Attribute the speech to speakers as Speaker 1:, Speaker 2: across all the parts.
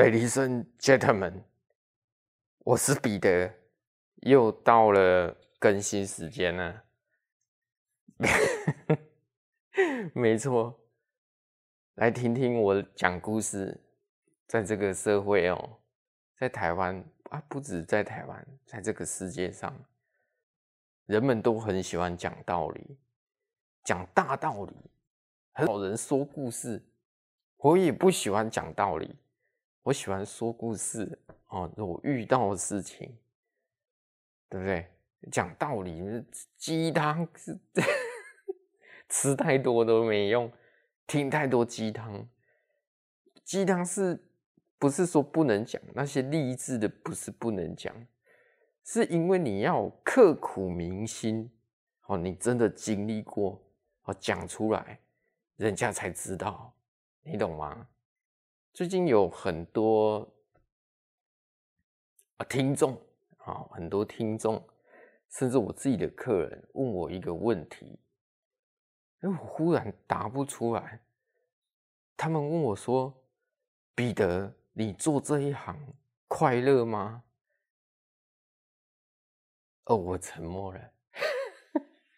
Speaker 1: Ladies and，gentlemen，我是彼得，又到了更新時間了。 沒錯，來聽聽我講故事。在這個社會哦、喔，在台灣啊，不止在台灣，在這個世界上，人們都很喜歡講道理，講大道理。很少人說故事，我也不喜歡講道理。我喜歡說故事哦，我遇到的事情，對不對？講道理雞湯是，是吃太多都沒用，聽太多雞湯。雞湯是不是說不能講？那些勵志的不是不能講，是因為你要刻苦銘心哦，你真的經歷過哦，講出來人家才知道，
Speaker 2: 你懂
Speaker 1: 嗎？最近有很多啊，聽眾啊，哦，很多聽眾，甚至我自己的客人問我一個問題，
Speaker 2: 哎，我忽然答不出來。他們問我說：“彼得，你做這一行快樂嗎？”哦，我沉默了，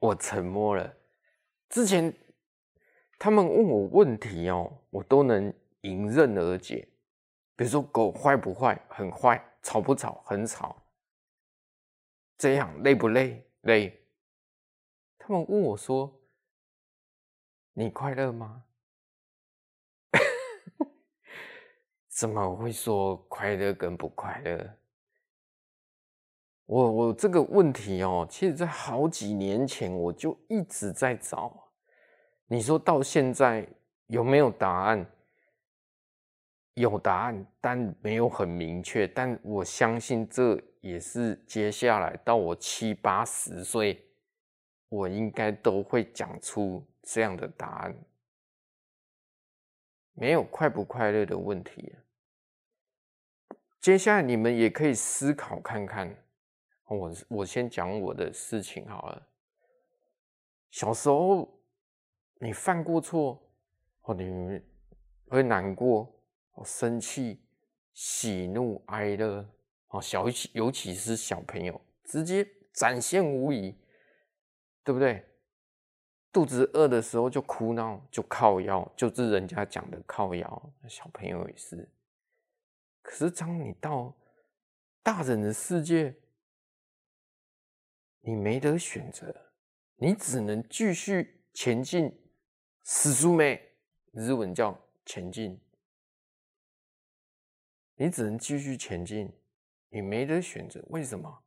Speaker 2: 我沉默了。
Speaker 1: 之前他們問我問題哦，我都能。迎刃而解。
Speaker 2: 比如說，狗壞不壞？很壞。吵不吵？很吵。這樣累不累？累。他們問我說：“你快樂嗎？” 怎麼會說快樂跟不快樂？
Speaker 1: 我我這個問題哦，其實在好幾年前我就一直在找。你說到現在有沒有答案？有答案，但沒有很明確。但我相信，這也是接下來到我七八十歲，我應該都會講出
Speaker 2: 這樣的答案。沒有快不快樂的問題。接下來你們也可以思考看看。
Speaker 1: 我我先講我的事情好了。小時候，你犯過錯，或你會難過。哦、生氣、喜怒哀樂，啊、哦，小，尤其是小朋友直接展現無遺，對不對？肚子餓的時候就哭鬧，就靠腰，就是人家講的靠腰。小朋友也是，
Speaker 2: 可是當你到大人的世界，你沒得選擇，你只能繼續前進。死書沒日文叫前進。你只能繼續前進，你沒得選擇。為什麼？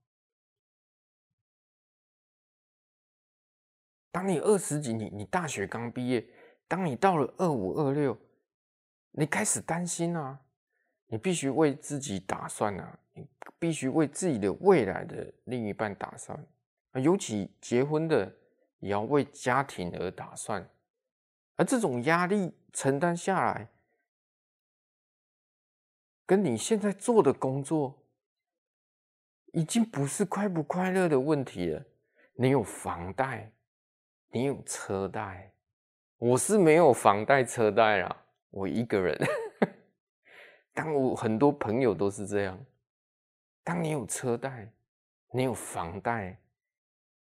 Speaker 2: 當你二十幾年，你你大學剛畢業；當你到了二五二六，你開始擔心啊，
Speaker 1: 你必須為自己打算啊，你必須為自己的未來的另一半打算，尤其結婚的也要為家庭而打
Speaker 2: 算，而這種壓力承擔下來。跟你現在做的工作，已經不是
Speaker 1: 快不快樂的問題了。你有房貸，你有車貸，我是沒有房貸車貸了，我一個人。但 我很多朋友都是這樣。當你有車貸，你有房貸，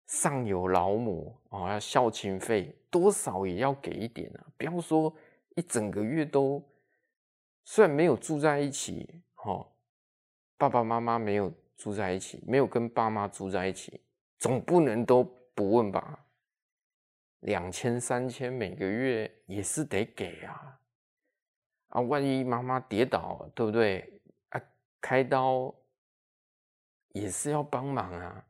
Speaker 1: 上有老母啊，孝、哦、親費，多少也要給一點啊，不要說一整個月都。雖然沒有住在一起，哈、哦，爸爸媽媽沒有住在一起，沒有跟爸媽住在一起，總不能都不問吧？兩千三千每個月也是得給啊，啊，萬一媽媽跌倒，對不對？啊，開刀也是要幫忙啊。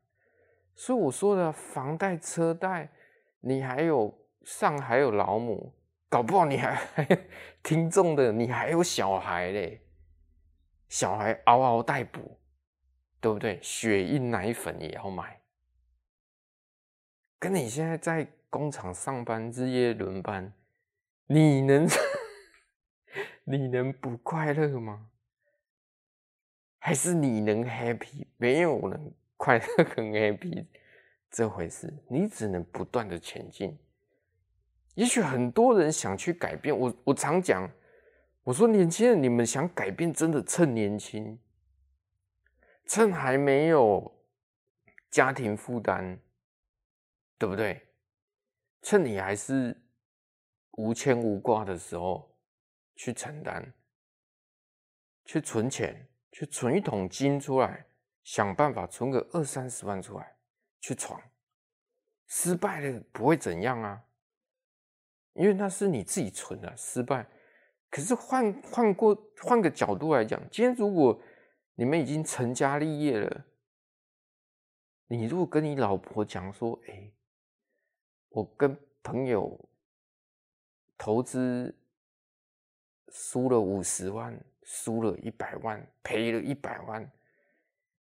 Speaker 1: 所以我說的房貸車貸，你還有上還有老母。搞不好你還聽眾的，你還有小孩嘞，小孩嗷嗷待哺，對不對？雪印奶粉也要買。跟你現在在工廠上班，日夜輪班，你能你能不快樂嗎？還是你能 happy？沒有人快樂跟 happy 這回事，你只能不斷的前進。也許很多人想去改變我，我常講，我說年輕人，你們想改變，真的趁年輕，趁還沒有家庭負擔，對不對？趁你還是無牽無掛的時候去承擔，去存錢，去存一桶金出來，想辦法存個二三十萬出來去闖，失敗了不會怎樣啊。因為那是你自己存的失敗，可是換換過換個角度來講，今天如果你們已經成家立業了，
Speaker 2: 你如果跟你老婆講說：“哎，我跟朋友投資輸了五十萬，
Speaker 1: 輸了一百萬，賠了一百萬，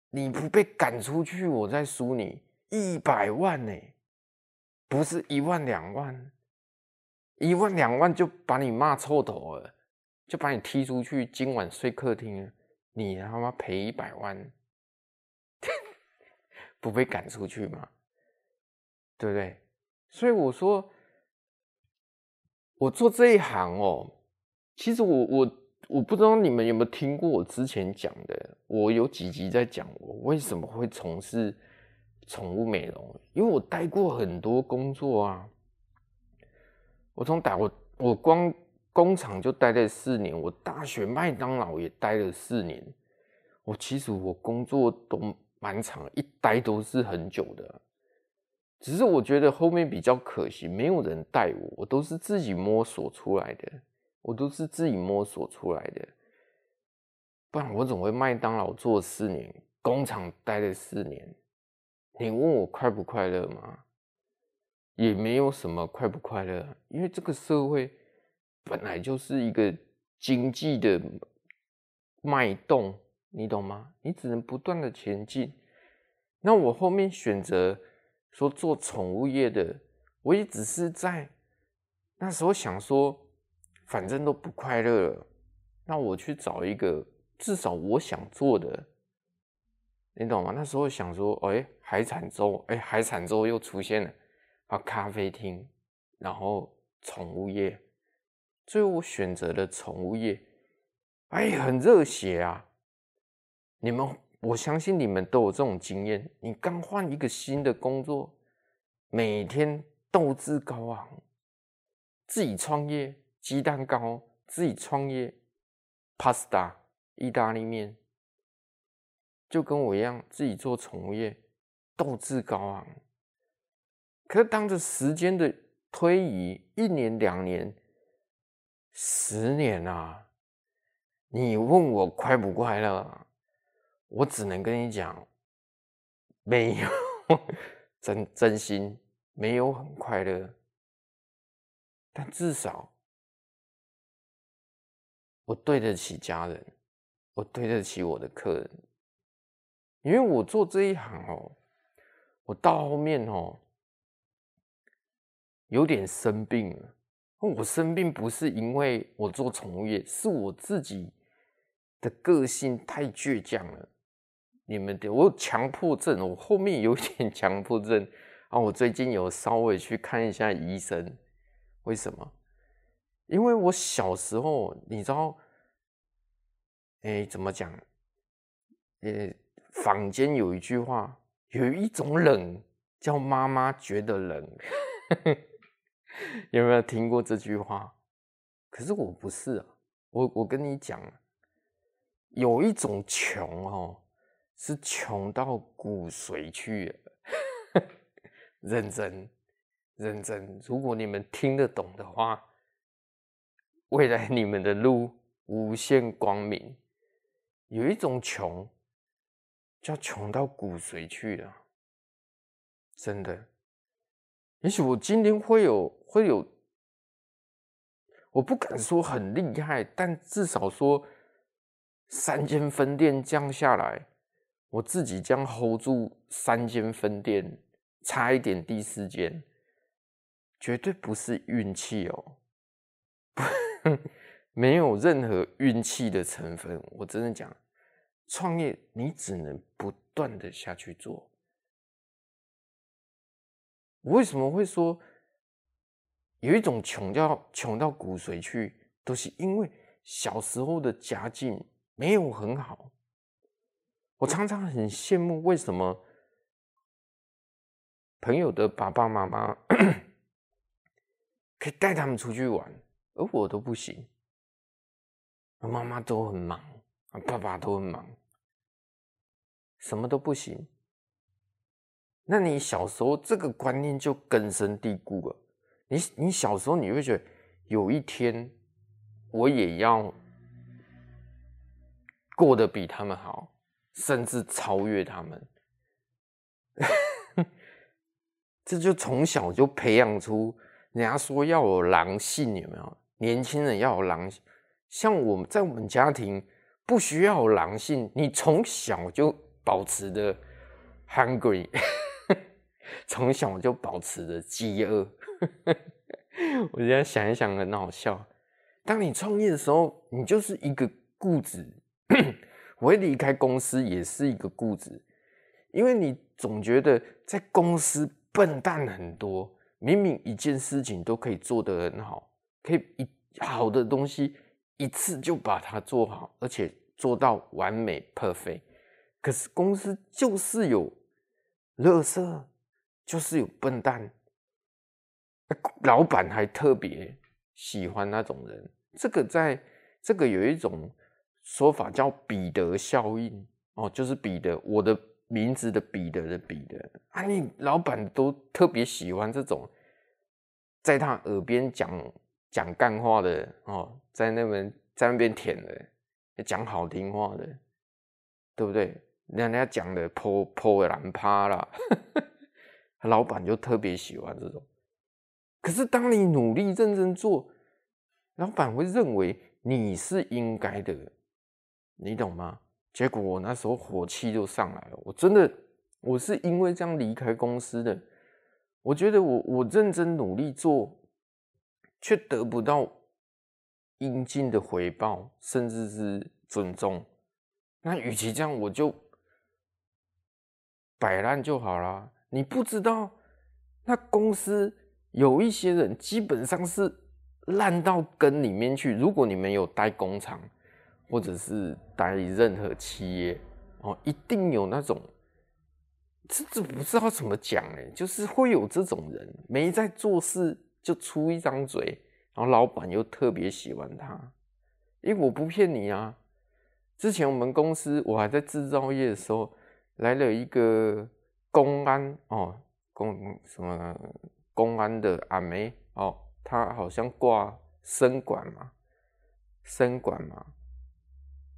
Speaker 1: 你不被趕出去，我再輸你一百萬呢、欸，不是一萬兩萬。”一萬兩萬就把你罵臭頭了，就把你踢出去，今晚睡客廳，你他媽賠一百萬，
Speaker 2: 不被趕出去嗎？對不對？所以我說，我做這一行哦，其實我我我不知道
Speaker 1: 你們有沒有聽過我之前講的，我有幾集在講我為什麼會從事寵物美容，因為我待過很多工作啊。我從待我我光工廠就待了四年，我大學麥當勞也待了四年，我其實我工作都蠻長，一待都是很久的，只是我覺得後面比較可惜，沒有人帶我，我都是自己摸索出來的，我都是自己摸索出來的，不然我怎麼會麥當勞做四年，工廠待了四年？你問我快不快樂嗎？也沒有什麼快不快樂，因為這個社會本來就是一個經濟的脈動，你懂嗎？你只能不斷的前進。那我後面選擇說做寵物業的，我也只是在那時候想說，反正都不快樂了，那我去找一個至少我想做的，你懂嗎？那時候想說，哎、欸，海產粥，哎、欸，海產粥又出現了。啊，咖啡廳，然後寵物業，最後我選擇了寵物業。哎，很熱血啊！你們，我相信你們都有這種經驗。你剛換一個新的工作，每天鬥志高昂，自己創業，雞蛋糕，自己創業，pasta 意大利麵，就跟我一樣，自己做寵物業，鬥志高昂。可當着時間的推移，一年、兩年、十年啊，你問我快不快樂，我只能跟你講，
Speaker 2: 沒有，真真心沒有很快樂。但至少，我對得起家人，我對得起我的客人，因為我做這一行哦，我到後面哦。有點生
Speaker 1: 病了。我生病不是因為我做寵物業，是我自己的個性太倔強了。你們的我有強迫症，我後面有點強迫症啊。我最近有稍微去看一下醫生，為什麼？因為我小時候你知道，哎，怎麼講？哎，坊間有一句話，有一種冷叫媽媽覺得冷。 有沒有聽過這句話？可是我不是啊，我我跟你講，有一種窮哦，是窮到骨髓去了。 認真，認真。如果你們聽得懂的話，未來你們的路無限光
Speaker 2: 明。有一種窮，叫窮到骨髓去了，真的。也許我今天會有會有，我不敢說很厲害，但至少說
Speaker 1: 三間分店降下來，我自己將 hold 住三間分店，差一點第四間，絕對不是運氣哦， 沒有任何運氣的成
Speaker 2: 分，我真的講，創業你只能不斷的下去做。我為什麼會說有一種窮叫窮到骨髓去，都是因為小時候的家
Speaker 1: 境沒有很好。我常常很羨慕，為什麼
Speaker 2: 朋友的爸爸媽媽 可以帶他們出去玩，而我都不行。媽媽都很忙，爸爸都很忙，什麼都不行。
Speaker 1: 那你小時候這個觀念就根深蒂固了。你你小時候你會覺得有一天我也要過得比他們好，甚至超越他們。 這就從小就培養出人家說要有狼性，有沒有？年輕人要有狼性。像我們在我們家庭不需要有狼性，你從小就保持的 hungry。從小我就保持着飢餓， 我現在想一想很好笑。當你創業的時候，你就是一個固執。 我一離開公司也是一個固執，因為你總覺得在公司笨蛋很多，明明一件事情都可以做得很好，可以一好的東西一次就把它做好，而且做到完美 perfect。可是公司就是有垃圾。就是有笨蛋，老板還特別喜歡那種人。這個在這個有一種說法叫彼得效應哦，就是彼得，我的名字的彼得的彼得啊，你老板都特別喜歡這種，在他耳邊講講幹話的哦，在那邊在那邊舔的，講好聽話的，對不對？人家講的頗頗然趴了。老板就特別喜歡這種，可是當你努力認真做，老板會認為你是應該的，你懂嗎？結果我那時候火氣就上來了，我真的我是因為這樣離開公司的，我覺得我我認真努力做，卻得不到應盡的回報，甚至是尊重，那與其這樣，我就擺爛就好啦。你不知道，那公司有一些人基本上是爛到根裡面去。如果你沒有待工廠，或者是待任何企業，哦，一定有那種，這這不知道怎麼講哎，就是會有這種人，沒在做事就出一張嘴，然後老闆又特別喜歡他。因為我不騙你啊，之前我們公司我還在製造業的時候，來了一個。公安哦，公什麼公安的阿梅、啊、哦，他好像掛生管嘛，生管嘛，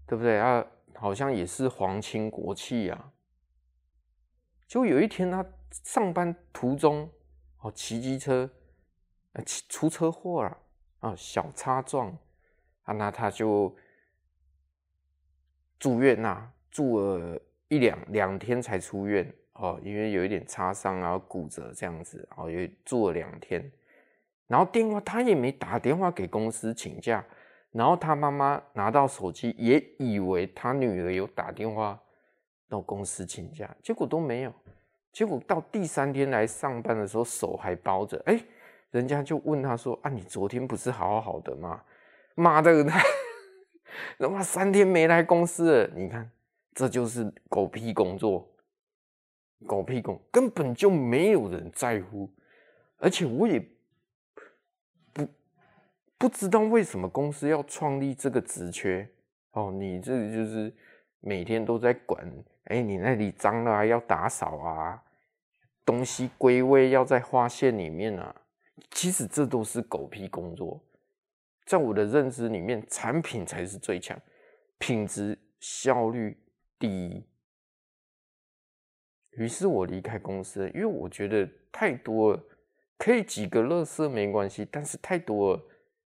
Speaker 1: 對不對？他、啊、好像也是皇親國戚呀、啊。就有一天他上班途中哦，騎機車、呃、出車禍了啊，啊，小擦撞啊，那他就住院吶、啊，住了一兩兩天才出院。哦，因為有一點擦傷然後骨折這樣子，然後又住了兩天，然後電話他也沒打電話給公司請假，然後他媽媽拿到手機也以為他女兒有打電話到公司請假，結果都沒有，結果到第三天來上班的時候手還包着，哎、欸，人家就問他說啊，你昨天不是好好，好的嗎？媽的，人 媽三天沒來公司了，你看這就是狗屁工作。狗屁工，根本就沒有人在乎，而且我也不不知道為什麼公司要創立這個職缺哦。你這就是每天都在管，哎、欸，你那裡髒了、啊、要打掃啊，東西歸位要在畫線裡面啊。其實這都是狗屁工作，在我的認知裡面，產品才是最強，品質效率第一。於是我離開公司，因為我覺得太多，可以幾個垃圾沒關係，但是太多，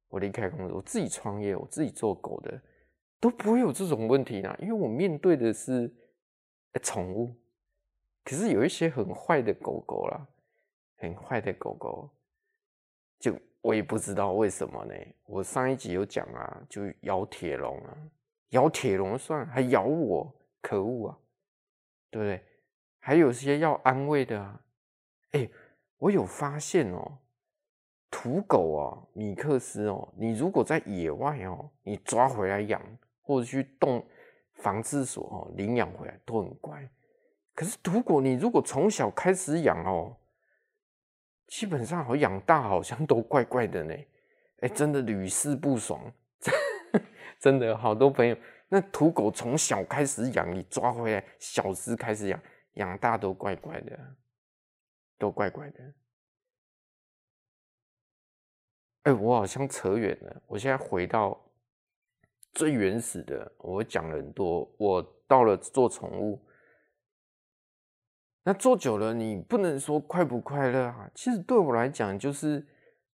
Speaker 1: 我離開公司，我自己創業，我自己做狗的，都不會有這種問題啦，因為我面對的是寵、欸、寵物，可是有一些很壞的狗狗啦，很壞的狗狗，就我也不知道為什麼呢。我上一集有講啊，就咬鐵籠啊，咬鐵籠算，還咬我，可惡啊，對不對？還有些要安慰的啊，哎、欸，我有發現哦、喔，土狗哦、喔，米克斯哦、喔，你如果在野外哦、喔，你抓回來養或者去動防治所哦、喔、領養回來都很乖，可是土狗你如果從小開始養哦、喔，基本上好、喔、養大好像都怪怪的呢，哎、欸，真的屢試不爽， 真的好多朋友那土狗從小開始養，你抓回來小時開始養。養大都怪
Speaker 2: 怪的，都怪怪的。哎、欸，我好像扯遠了。我現在回到最原始的，
Speaker 1: 我講了很多。我到了做寵物，那做久了，你不能說快不快樂啊，其實對我來講，就是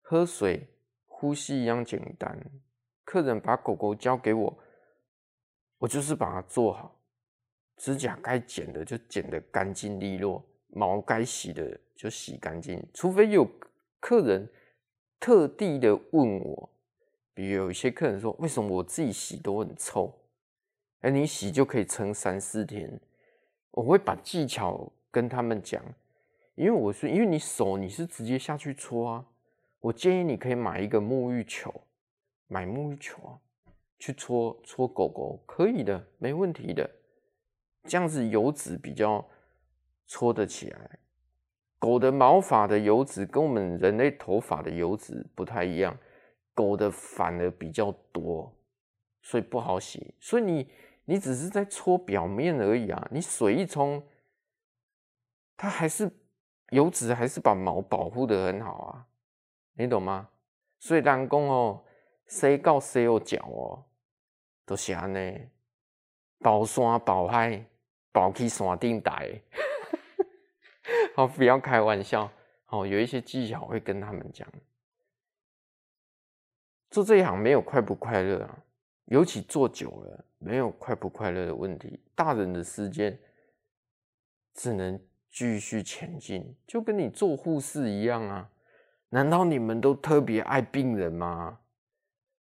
Speaker 1: 喝水、呼吸一樣簡單。客人把狗狗交給我，我就是把它做好。指甲該剪的就剪得乾淨利落，毛該洗的就洗乾淨。除非有客人特地的問我，比如有一些客人說：“為什麼我自己洗都很臭？”哎、欸，你洗就可以撐三四天。我會把技巧跟他們講，因為我是：“因為你手你是直接下去搓啊。”我建議你可以買一個沐浴球，買沐浴球啊，去搓搓狗狗，可以的，沒問題的。這樣子油脂比較搓得起來。狗的毛髮的油脂跟我們人類頭髮的油脂不太一樣，狗的反而比較多，所以不好洗。所以你你只是在搓表面而已啊！你水一沖，它還是油脂，還是把毛保護得很好啊！你懂嗎？所以人工哦、喔，洗到洗右腳哦，都、就是安呢，包山包海。我起耍定台， 好，不要開玩笑。好，有一些技巧會跟他們講。做這一行沒有快不快樂啊。尤其做久了，沒有快不快樂的問題。大人的世界只能繼續前進，就跟你做護士一樣啊。難道你們都特別愛病人嗎？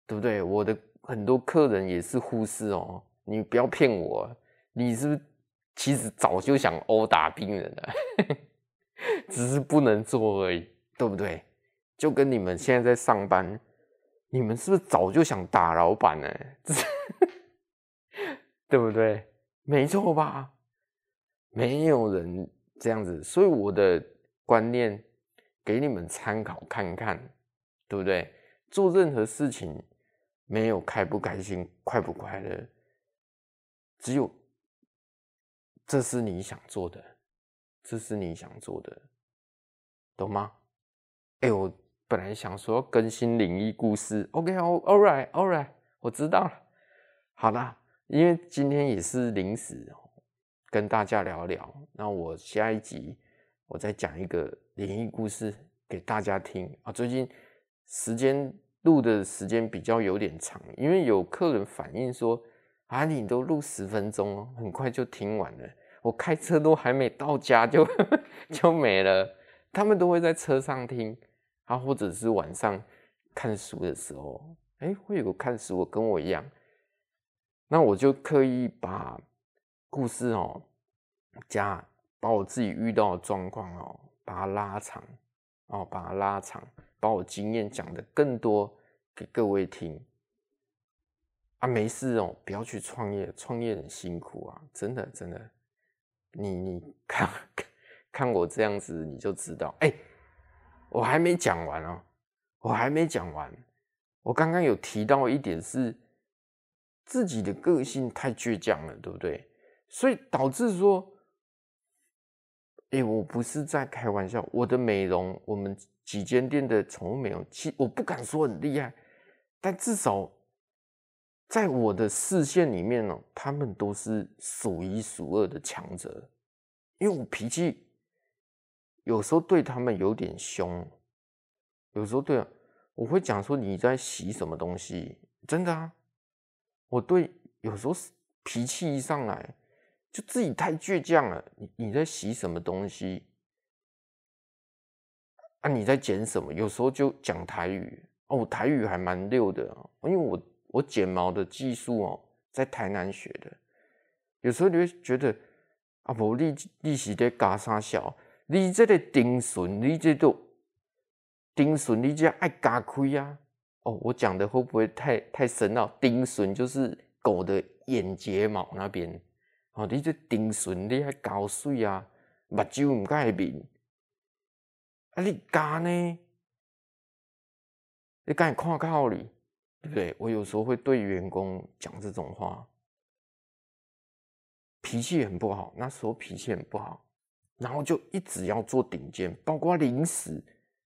Speaker 1: 對不對？我的很多客人也是護士哦、喔。你不要騙我，你是不是？其實早就想毆打病人了， 只是不能做而已，對不對？就跟你們現在在上班，你們是不是早就想打老板呢、欸？ 對不對？沒錯吧？沒有人這樣子，所以我的觀念給你們參考看看，對不
Speaker 2: 對？做任何事情沒有開不開心、快不快樂，只有。這是你想做的，這是你想做的，懂嗎？哎、欸，我本來想說要更
Speaker 1: 新靈異故事，OK，All right，All right，我知道了。好啦，因為今天也是臨時跟大家聊聊，那我下一集我再講一個靈異故事給大家聽啊。最近時間錄的時間比較有點長，因為有客人反映說。啊，你都錄十分鐘哦，很快就聽完了。我開車都還沒到家就，就 就沒了。他們都會在車上聽，啊，或者是晚上看書的時候，哎、欸，會有個看書的我跟我一樣。那我就刻意把故事哦、喔，加把我自己遇到的狀況哦，把它拉長，哦、喔，把它拉長，把我經驗講得更多給各位聽。啊，沒事哦，不要去創業，創業很辛苦啊，真的真的，你你看看我這樣子，你就知道。哎、欸，我還沒講完哦，我還沒講完，我剛剛有提到一點是自己的個性太倔強了，對不對？所以導致說，哎、欸，我不是在開玩笑，我的美容，我們幾間店的寵物美容，其實我不敢說很厲害，但至少。在我的視線裡面呢，他們都是數一數二的強者，因為我脾氣有時候對他們有點凶，有時候對啊，我會講說你在洗什麼東西？真的啊，我對有時候是脾氣一上來就自己太倔強了，你你在洗什麼東西啊？你在剪什麼？有時候就講台語哦，我台語還蠻溜的，因為我。我剪毛的技術哦，在台南學的。有時候你會覺得，阿婆，你你是在嘎沙小，你這個丁筍，你這都丁筍，你這愛加虧啊？哦，我講的會不會太太深奧？丁筍就是狗的眼睫毛那邊，哦，你這丁筍你要澆碎啊，目睭唔
Speaker 2: 該明，啊，你加呢？你加看靠你對，我有時候會對員工講這種話，
Speaker 1: 脾氣很不好。那時候脾氣很不好，然後就一直要做頂尖，包括零食，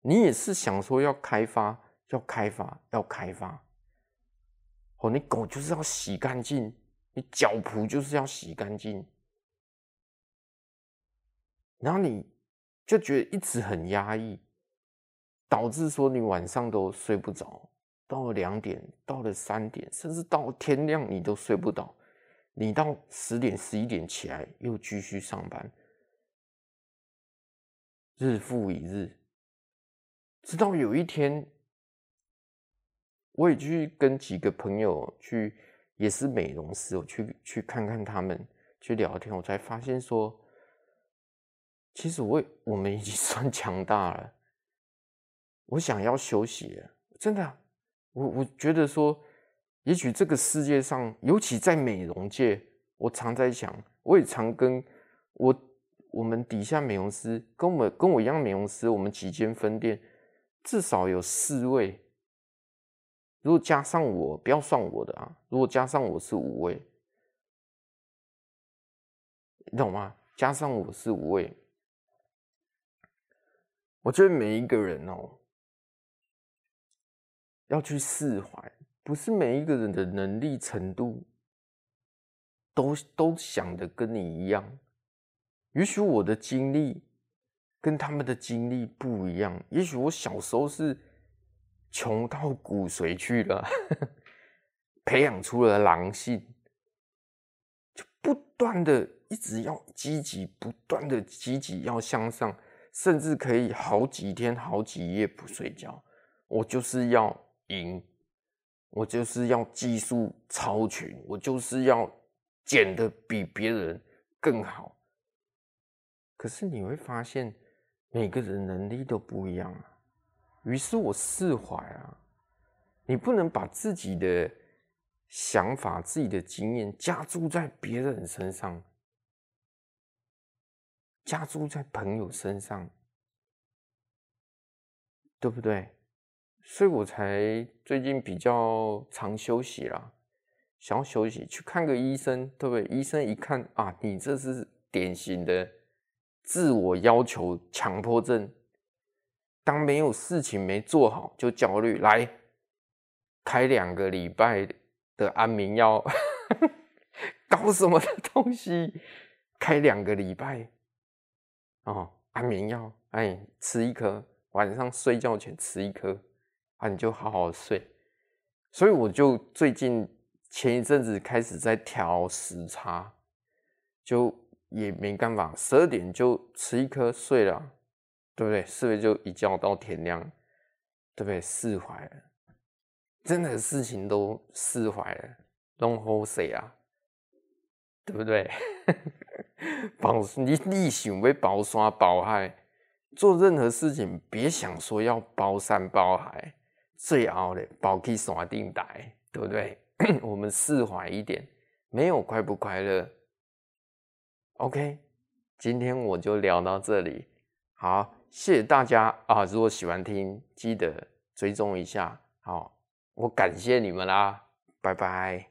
Speaker 1: 你也是想說要開發，要開發，要開發。哦、oh，你狗就是要洗乾淨，你腳蹼就是要洗乾淨，然後你就覺得一直很壓抑，導致說你晚上都睡不着。到了兩點，到了三點，甚至到天亮，你都睡不着。
Speaker 2: 你到十點、十一點起來，又繼續上班，日復一日，直到有一天，我也去跟幾個朋友去，也是美容師，我
Speaker 1: 去去看看他們，去聊天，我才發現說，其實我我們已經算強大了。我想要休息了，真的。我我覺得說，也許這個世界上，尤其在美容界，我常在想，我也常跟我我們底下美容師，跟我跟我一樣美容師，我們幾間分店，至少有四位。
Speaker 2: 如果加上我，不要算我的啊，如果加上我是五位，你懂嗎？加上我是五位，我覺得每一個人哦。要去釋懷，不是每一個人的能力程度
Speaker 1: 都都想的跟你一樣。也許我的經歷跟他們的經歷不一樣，也許我小時候是窮到骨髓去了，呵呵培養出了狼性，就不斷的一直要積極，不斷的積極要向上，甚至可以好幾天好幾夜不睡覺，我就是要。贏，我就是要技術超群，我就是要剪得比別人更好。可是你會發現，每個人能力都不一樣啊。於是我釋懷啊，你不能把自己的想法、自己的經驗加
Speaker 2: 注在別人身上，加注在朋友身上，對不對？所以我
Speaker 1: 才最近比較常休息啦，想要休息去看個醫生，對不對？醫生一看啊，你這是典型的自我要求強迫症，當沒有事情沒做好就焦慮，來開兩個禮拜的安眠藥， 搞什麼的東西？開兩個禮拜哦，安眠藥，哎，吃一顆，晚上睡覺前吃一顆。啊，你就好好睡，所以我就最近前一陣子開始在調時差，就也沒辦法，十二點就吃一顆睡了，對不對？睡了就一覺到天亮，對不對？釋懷了，任何事情都釋懷了，弄好誰啊？對不對？保 你，你行為包山包海，做任何事情別想說要包山包海。最熬的，跑去山頂待，對不對？ 我們釋懷一點，沒有快不快樂。OK，今天我就聊到這裡，好，謝謝大家啊！如果喜歡聽，記得追蹤一下，好，我感謝你們啦，拜拜。